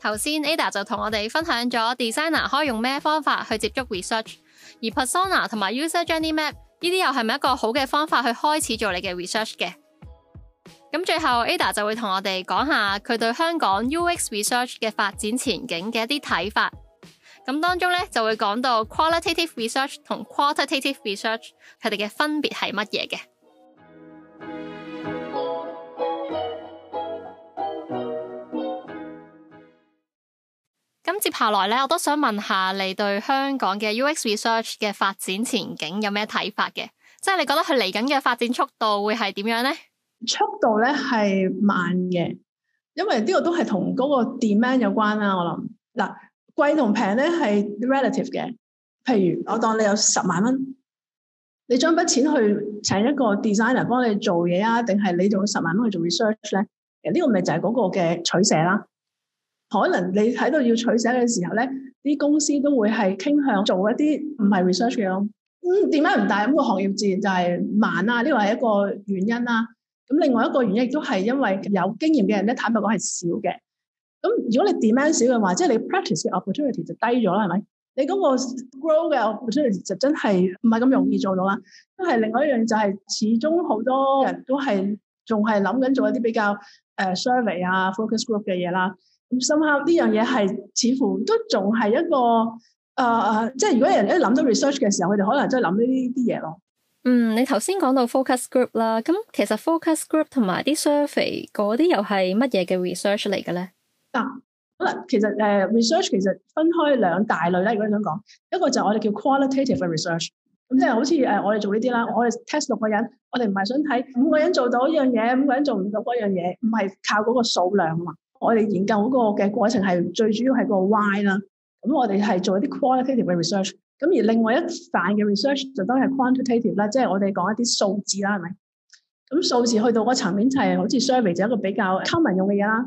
頭先 Ada 就同我哋分享咗 designer 可以用咩方法去接觸 research，而 persona 同埋 user journey map 呢啲又係咪一個好嘅方法去開始做你嘅 research 嘅？咁最後 Ada 就會同我哋講下佢對香港 UX research 嘅發展前景嘅一啲睇法。咁當中咧就會講到 qualitative research 同 quantitative research，佢哋嘅分別係乜嘢嘅？咁接下來咧，我都想問下你對香港嘅 UX research 嘅發展前景有咩睇法嘅？即係你覺得佢嚟緊嘅發展速度會係點樣呢？速度咧係慢嘅，因為呢個都係同嗰個 demand 有關啦。我諗嗱。貴同平咧係 relative 嘅，譬如我當你有十萬蚊，你將筆錢去請一個 designer 幫你做嘢啊，定係你仲有十萬蚊去做 research 咧？呢、呢個咪就係嗰個嘅取捨啦。可能你喺度要取捨嘅時候咧，啲公司都會係傾向做一啲唔係 research 嘅咯。嗯，點解唔大？咁個行業自然就係、是、慢啦，呢個係一個原因啦。咁另外一個原因亦都係因為有經驗嘅人咧，坦白講係少嘅。咁如果你 demand 少嘅話，即係你 practice 嘅 opportunity 就低咗啦，係咪？你嗰個 grow 嘅 opportunity 就真係唔係咁容易做到啦。都係另外一樣，就係、是、始終好多人都係仲係諗緊做一啲比較誒 survey 啊、focus group 嘅嘢啦。咁深刻呢樣嘢係似乎都仲係一個誒，即係如果人一諗到 research 嘅時候，佢哋可能真係諗呢啲啲嘢咯。嗯，你頭先講到 focus group 啦，咁其實 focus group 同埋啲 survey 嗰啲又係乜嘢嘅 research 嚟嘅咧？嗱、啊，好啦，其實、呃、research 其實分開兩大類啦。如果你想講，一個就我哋叫 qualitative 嘅 research，咁即係好似我哋做呢啲啦。我哋 test 六個人，我哋唔係想睇五個人做到一樣嘢，五個人做唔到嗰樣嘢，唔係靠嗰個數量啊嘛。我哋研究嗰個嘅過程係最主要係個 why 啦。咁我哋係做一啲 qualitative 嘅 research。咁而另外一塊嘅 research 就當然係 quantitative 啦，即係我哋講一啲數字啦，係咪？咁數字去到個層面就係、是、好似 survey 就一個比較 common 用嘅嘢啦。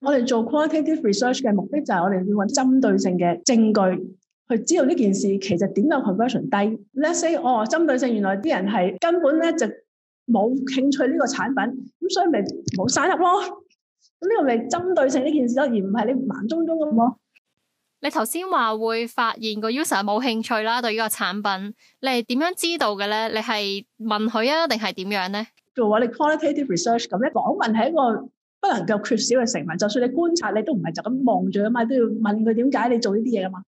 我哋做 qualitative research 嘅目的就係我哋要揾針對性嘅證據，去知道呢件事其實點解 conversion 低。Let’s say 哦，針對性原來啲人係根本咧就冇興趣呢個產品，咁所以咪冇收入咯。咁呢個咪針對性呢件事咯，而唔係你盲中中咁咯。你頭先話會發現個 user 冇興趣啦，對呢個產品，你係點樣知道嘅咧？你係問佢啊，定係點樣咧？做我哋 qualitative research 咁咧，訪問係一個。不能夠缺少嘅成分，就算你觀察你，你都唔係就咁望住啊嘛，都要問佢點解你做呢啲嘢啊嘛。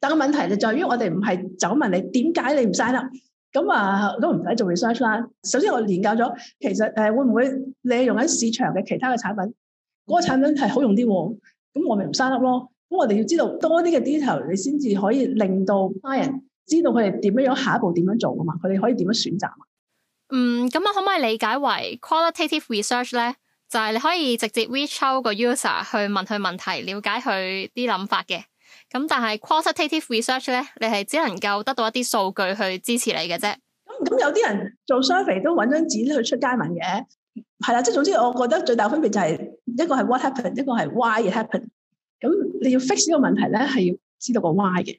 但個問題就在於我哋唔係就咁問你，你不，點解你唔嘥粒？咁啊都唔使做 research 啦。首先我研究咗，其實誒、啊、會唔會你用緊市場嘅其他嘅產品，嗰、那個產品係好用啲，咁我咪唔嘥粒咯。咁我哋要知道多啲嘅 detail，你先至可以令到 buyer 知道佢哋點樣下一步點樣做啊嘛，佢哋可以點樣選擇啊？嗯，咁我可唔可以理解為 qualitative research 咧？就係、是、你可以直接 reach out 個 user 去問佢問題，了解佢啲諗法嘅。咁但係 quantitative research 咧，你係只能夠得到一啲數據去支持你嘅啫。咁、嗯、咁有啲人做 survey 都揾張紙去出街問嘅。係啦，即係總之，我覺得最大分別就係、是、一個係 what happen，一個係 why it happen。咁你要 fix 呢個問題咧，係要知道個 why 嘅。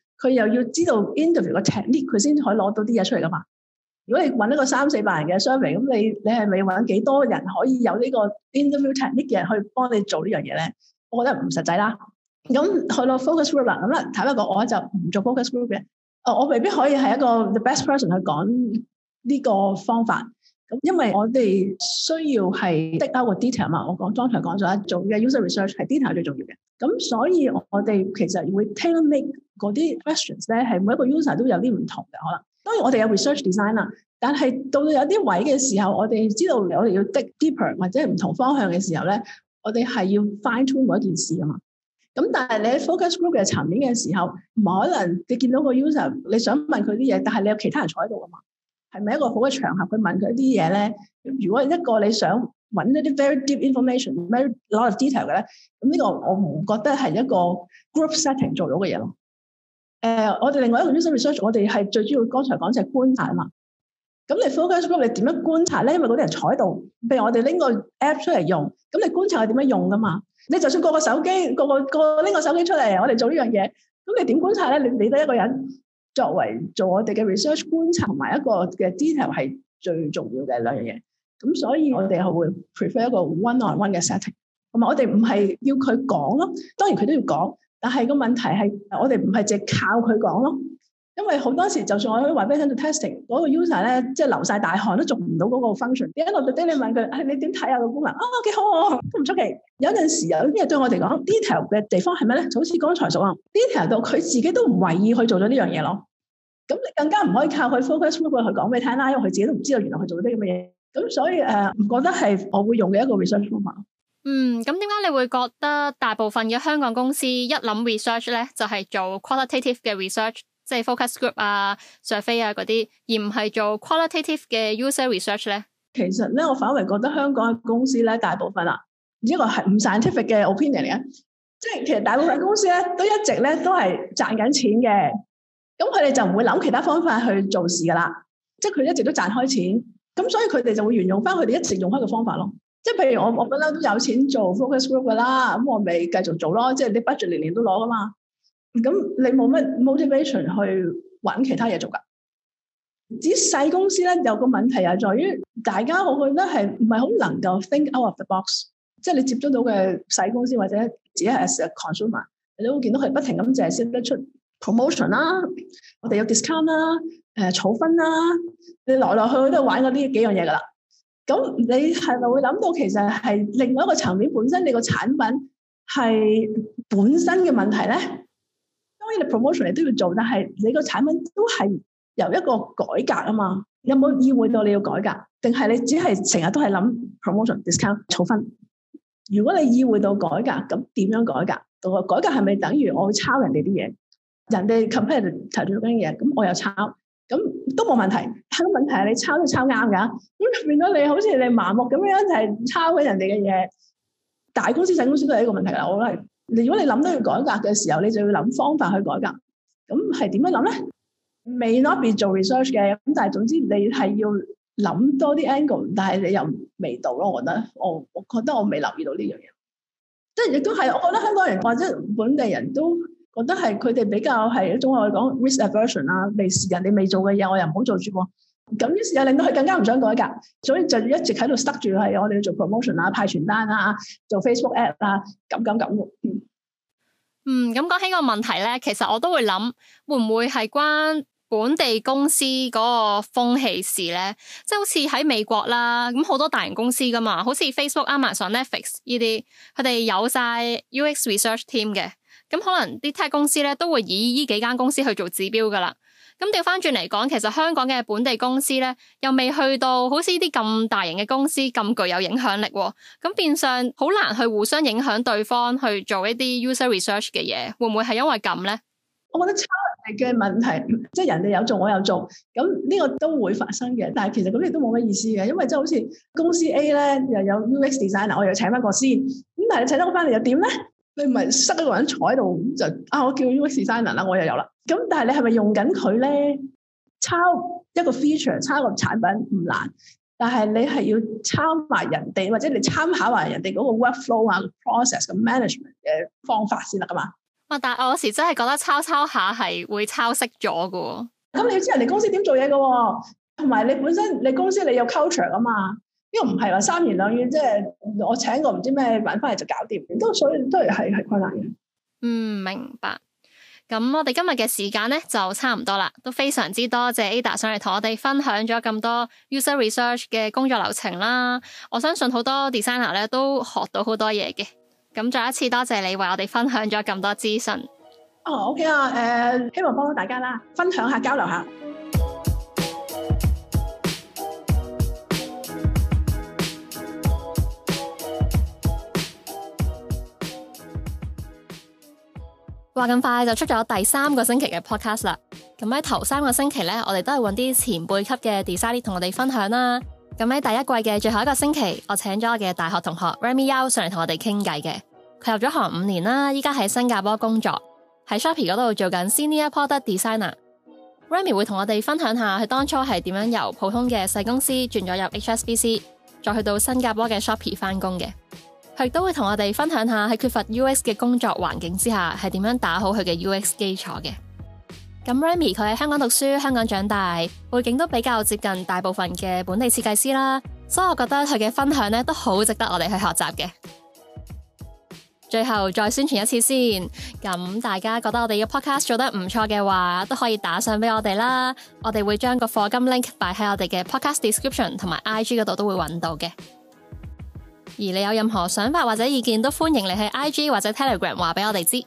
佢又要知道 interview 個 technique 佢先可以攞到啲嘢出嚟噶嘛？如果你揾一個三四百人嘅 survey，咁你你係咪揾幾多人可以有呢個 interview technique 嘅人去幫你做這件事呢樣嘢咧？我覺得唔實際啦。咁去到 focus group 啦，咁咧坦白講，我就唔做 focus group 嘅。哦，我未必可以係一個 the best person 去講呢個方法。因為我哋需要係 dig out 個 data 嘛，我講剛才講咗一種嘅 user research 係 data 最重要嘅，咁所以我哋其實會 tailor make 嗰啲 questions 咧，係每一個 user 都有啲唔同嘅可能。當然我哋有 research design 啦，但係到到有啲位嘅時候，我哋知道我哋要 dig deeper 或者唔同方向嘅時候咧，我哋係要 fine tune 嗰一件事啊嘛。咁但係你喺 focus group 嘅層面嘅時候，唔可能你見到個 user 你想問佢啲嘢，但係你有其他人坐喺度啊嘛。係咪一個好嘅場合去問佢一啲嘢咧？如果一個你想揾一啲 very deep information，very lot of detail 嘅咧？咁呢個我唔覺得係一個 group setting 做到嘅嘢咯。誒、呃，我哋另外一個 user research，我哋係最主要。剛才講就係觀察啊嘛。咁你 focus group，你點樣觀察咧？因為嗰啲人坐喺度，譬如我哋拎個 app 出嚟用，咁你觀察係點樣用噶嘛？你就算個個手機，個個個拎個手機出嚟，我哋做呢樣嘢，咁你點觀察咧？你你都一個人。作為做我哋嘅 research 觀察同埋一個嘅 detail 係最重要嘅兩樣嘢，咁所以我哋係會 prefer 一個 one-on-one 嘅 setting，同埋我哋唔係要佢講咯，當然佢都要講，但係個問題係我哋唔係淨係靠佢講咯。因為好多時，就算我去話俾佢聽做 testing，嗰、那個 user 咧，即係流晒大汗都做唔到嗰個 function。點解我哋 daily 問佢係你點睇下個功能啊？幾、哎哦、好都唔出奇。有陣時有啲嘢對我哋講 detail 嘅地方係咩咧？就好似剛才所講 detail 到佢自己都唔為意去做咗呢樣嘢咯。咁你更加唔可以靠佢 focus group 去講俾佢聽啦，因為佢自己都唔知道原來佢做咗啲咁嘅嘢。咁所以誒，唔、呃、覺得係我會用嘅一個 research 方法。嗯，咁點解你會覺得大部分嘅香港公司一諗 research 咧，就係、是、做 qualitative 嘅 research？即係 focus group 啊、survey 啊嗰啲，而唔係做 qualitative 嘅 user research 咧。其實咧，我反而覺得香港嘅公司咧，大部分啊，呢個係唔 scientific 嘅 opinion 嚟嘅，即係其實大部分公司咧都一直咧都係賺緊錢嘅。咁佢哋就唔會諗其他方法去做事噶啦。即係佢一直都賺開錢，咁所以佢哋就會沿用翻佢哋一直用開嘅方法咯。即係譬如我我不嬲都有錢做 focus group 噶啦，咁我咪繼續做咯。即係你 budget 年年都攞噶嘛。咁你冇乜 motivation 去搵其他嘢做噶？只細公司咧有個問題又在於大家好覺得係唔係好能夠 think out of the box，即係你接觸到嘅細公司或者自己係 as a consumer，你都會見到佢不停咁淨係識得出 promotion 啦，我哋有 discount 啦、啊，誒、啊，儲分啦，你來來去去都玩過呢幾樣嘢噶啦。咁你係咪會諗到其實係另外一個層面，本身你個產品係本身嘅問題咧？你 promotion 你都要做，但係你個產品都係由一個改革啊嘛，有冇意會到你要改革？定係你只係成日都係諗 promotion、discount、儲分？如果你意會到改革，咁點樣改革？改革係咪等於我會抄人哋啲嘢？人哋 competitor 提出咗啲嘢，咁我又抄，咁都冇問題。但個問題係你抄都抄啱噶，咁變咗你好似你麻木咁樣就係抄緊人哋嘅嘢。大公司、細公司都係一個問題啦，我諗。你如果你諗到要改革嘅時候，你就要諗方法去改革。咁係點樣諗咧？未 not be 做 research 嘅，咁但係總之你係要諗多啲 angle，但係你又未到咯。我覺得，我我覺得我未留意到呢樣嘢，即係亦都係。我覺得香港人或者本地人都覺得係佢哋比較係一種我講 risk aversion 啦，未人哋未做嘅嘢，我又唔好做住。咁於是又令到佢更加唔想改㗎，所以就一直喺度 stuck 住係我哋做 promotion 啊、派傳單啊、做 Facebook app 啊，咁咁咁。嗯，咁講起個問題咧，其實我都會諗，會唔會係關本地公司嗰個風氣事咧？即係好似喺美國啦，咁好多大型公司噶嘛，好似 Facebook、Amazon、Netflix 呢啲，佢哋有晒 UX research team 嘅，咁可能啲大公司咧都會以呢幾間公司去做指標㗎啦。咁掉翻轉嚟講，其實香港嘅本地公司咧，又未去到好似呢啲咁大型嘅公司咁具有影響力哦，咁變相好難去互相影響對方去做一啲 user research 嘅嘢，會唔會係因為咁咧？我覺得抄人嘅問題，即係人哋有做，我有做，咁呢個都會發生嘅。但係其實咁亦都冇乜意思嘅，因為即係好似公司 A 咧又有 UX designer，我又請翻個先，咁但係你請得我翻嚟又點咧？你唔係塞一個人坐喺度，就啊我叫 UX Designer 啦，我又有啦。咁但係你係咪用緊佢咧？抄一個 feature，抄一個產品唔難，但係你係要抄埋人哋，或者你參考埋人哋嗰個 workflow 的的啊、process、咁 management 嘅方法先得噶嘛。哇！但係我有時真係覺得抄抄下係會抄識咗噶。咁你要知人哋公司點做嘢噶、哦，同埋你本身你公司你有 culture 噶嘛。因為唔係話三言兩語，即係我請個唔知咩搵翻嚟就搞掂，都所以都係係係困難嘅。嗯，明白。咁我哋今日嘅時間咧就差唔多啦，都非常之多謝 Ada 上嚟同我哋分享咗咁多 user research 嘅工作流程啦。我相信好多 designer 咧都學到好多嘢嘅。咁再一次多謝你為我哋分享咗咁多資訊。哦，OK 啊，誒、呃，希望幫到大家啦，分享下，交流下。話咁快就出咗第三個星期嘅 podcast 啦，咁喺頭三個星期呢，我哋都係揾啲前輩級嘅 designer 同我哋分享啦。咁喺第一季嘅最後一個星期，我請咗我嘅大學同學 Remy Yao 上嚟同我哋傾偈嘅。佢入咗行五年啦，依家喺新加坡工作，喺 Shopee 嗰度做緊 senior product designer。Remy 會同我哋分享下佢當初係點樣由普通嘅細公司轉咗入 HSBC，再去到新加坡嘅 Shopee 翻工嘅。佢都會同我哋分享下喺缺乏 UX 嘅工作環境之下，係點樣打好佢嘅 UX 基礎嘅。咁 Remy 佢喺香港讀書、香港長大，背景都比較接近大部分嘅本地設計師啦，所以我覺得佢嘅分享呢都好值得我哋去學習嘅。最後再宣傳一次先，咁大家覺得我哋嘅 podcast 做得唔錯嘅話，都可以打上俾我哋啦。我哋會將個課金 link 擺喺我哋嘅 podcast description 同埋 IG 嗰度都會揾到嘅。而你有任何想法或者意見，都歡迎你去 IG 或者 Telegram 話俾我哋知。